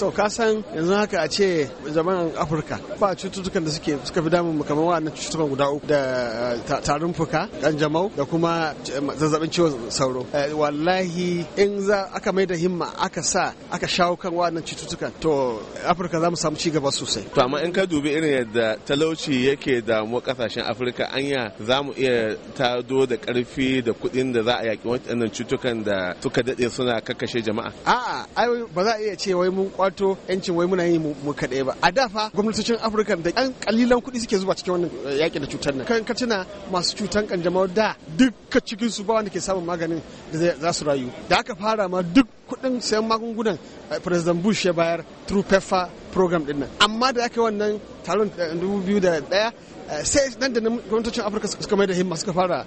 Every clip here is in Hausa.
to kasan yanzu haka a ce zaman afirka ba cututtukan da suke suka fi damun mu kamar wa'annan cututtukan guda uku da eh, tarin fuka kanjamau da kuma eh, zazzabin ciwon sauro eh, wallahi in za aka mai da himma aka sa aka shawo kan wa'annan cututtukan to afirka za mu samu ci gaba sosai to amma in ka dubi irin yadda talauci yake da mu kasashen afirka anya za mu iya tado da karfi da kuɗin da za a yaƙi waɗannan cutukan da suka dade suna kakkashe jama'a a'a ai ba za a iya ce wai mun wato yancin wai muna yi mu kaɗai ba a da fa gwamnatocin afirka da ɗan kalilan kuɗi suke zuba cikin wannan eh, yaƙi da cutar nan kan katina masu cutan kanjamau da duka cikin su ba wanda ke samun maganin da za su rayu da aka fara ma duk kuɗin sayan magungunan eh, president bush ya bayar through pepfar program din nan amma da aka wannan taron 2001 eh, eh, sai nan da gwamnatocin afirka suka mai da himma suka fara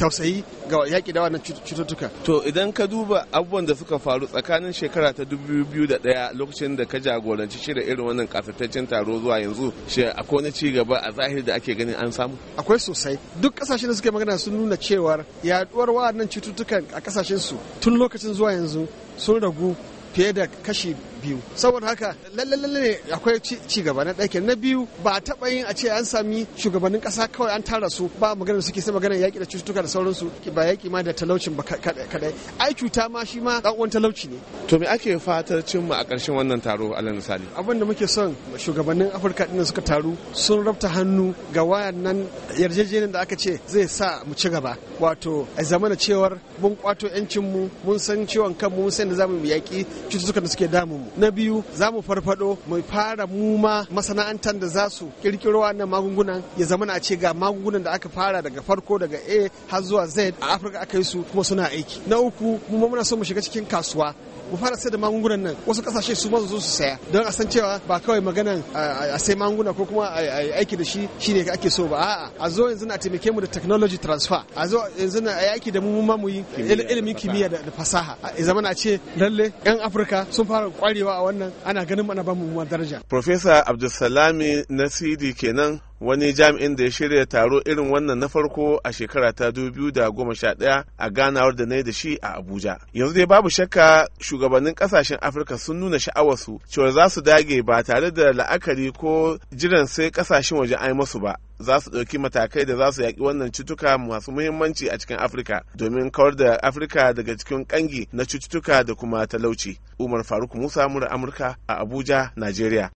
tausayi ga yaƙi da wannan cututtuka to idan ka duba abubuwan da suka faru tsakanin shekara ta 2001 lokacin da ka jagoranci shirya irin wannan kafitaccen taro zuwa yanzu shi akwai wani ci a zahiri da ake ganin an samu akwai sosai duk kasashen da suka magana sun nuna cewar yaduwar wa'annan cututtukan a kasashen su tun lokacin zuwa yanzu sun ragu fiye da kashi biyu saboda haka lalle ne akwai ci gaba na ɗakin na biyu ba a taɓa yin a ce an sami shugabannin ƙasa kawai an tara su ba maganar suke sai maganar yaƙi da cututtuka da sauransu ba yaƙi ma da talaucin ba kaɗai ai cuta ma shi ma ɗan uwan talauci ne. to me ake fatar cimma a ƙarshen wannan taro alal misali. abin da muke son shugabannin afirka ɗin suka taru sun rabta hannu ga nan yarjejeniyar da aka ce zai sa mu ci gaba wato a zamana cewar mun kwato 'yancinmu mun san ciwon kanmu mun san da za mu yaƙi cututtukan da suke damun mu. na biyu za mu farfado mu fara mu ma masana'antar da za su kirkiro wannan magungunan ya zama na ce ga magungunan da aka fara daga farko daga a har zuwa z a afirka aka yi su kuma suna aiki na uku ma muna so mu shiga cikin kasuwa mu fara sai da magungunan nan wasu kasashe su ma su saya don a san cewa ba kawai maganan a sai magunguna ko kuma a aiki da shi shine ake so ba a'a a zo yanzu na taimake mu da technology transfer a zo yanzu na aiki da mu ma mu yi ilimin kimiyya da fasaha a zama na ce lalle yan afirka sun fara kwari kwarewa a wannan ana ganin mana ba mu daraja. Profesa Abdulsalami Nasidi kenan wani jami'in da ya shirya taro irin wannan na farko a shekara ta ɗaya a ganawar da na yi da shi a abuja yanzu dai babu shakka shugabannin kasashen afirka sun nuna sha'awarsu cewa za su dage ba tare da la'akari ko jiran sai kasashen waje ai masu ba za su ɗauki matakai da za su yaƙi wannan cutuka masu muhimmanci a cikin afirka domin kawar da afirka daga cikin ƙangi na cututtuka da kuma talauci umar faruk musa mura amurka a abuja najeriya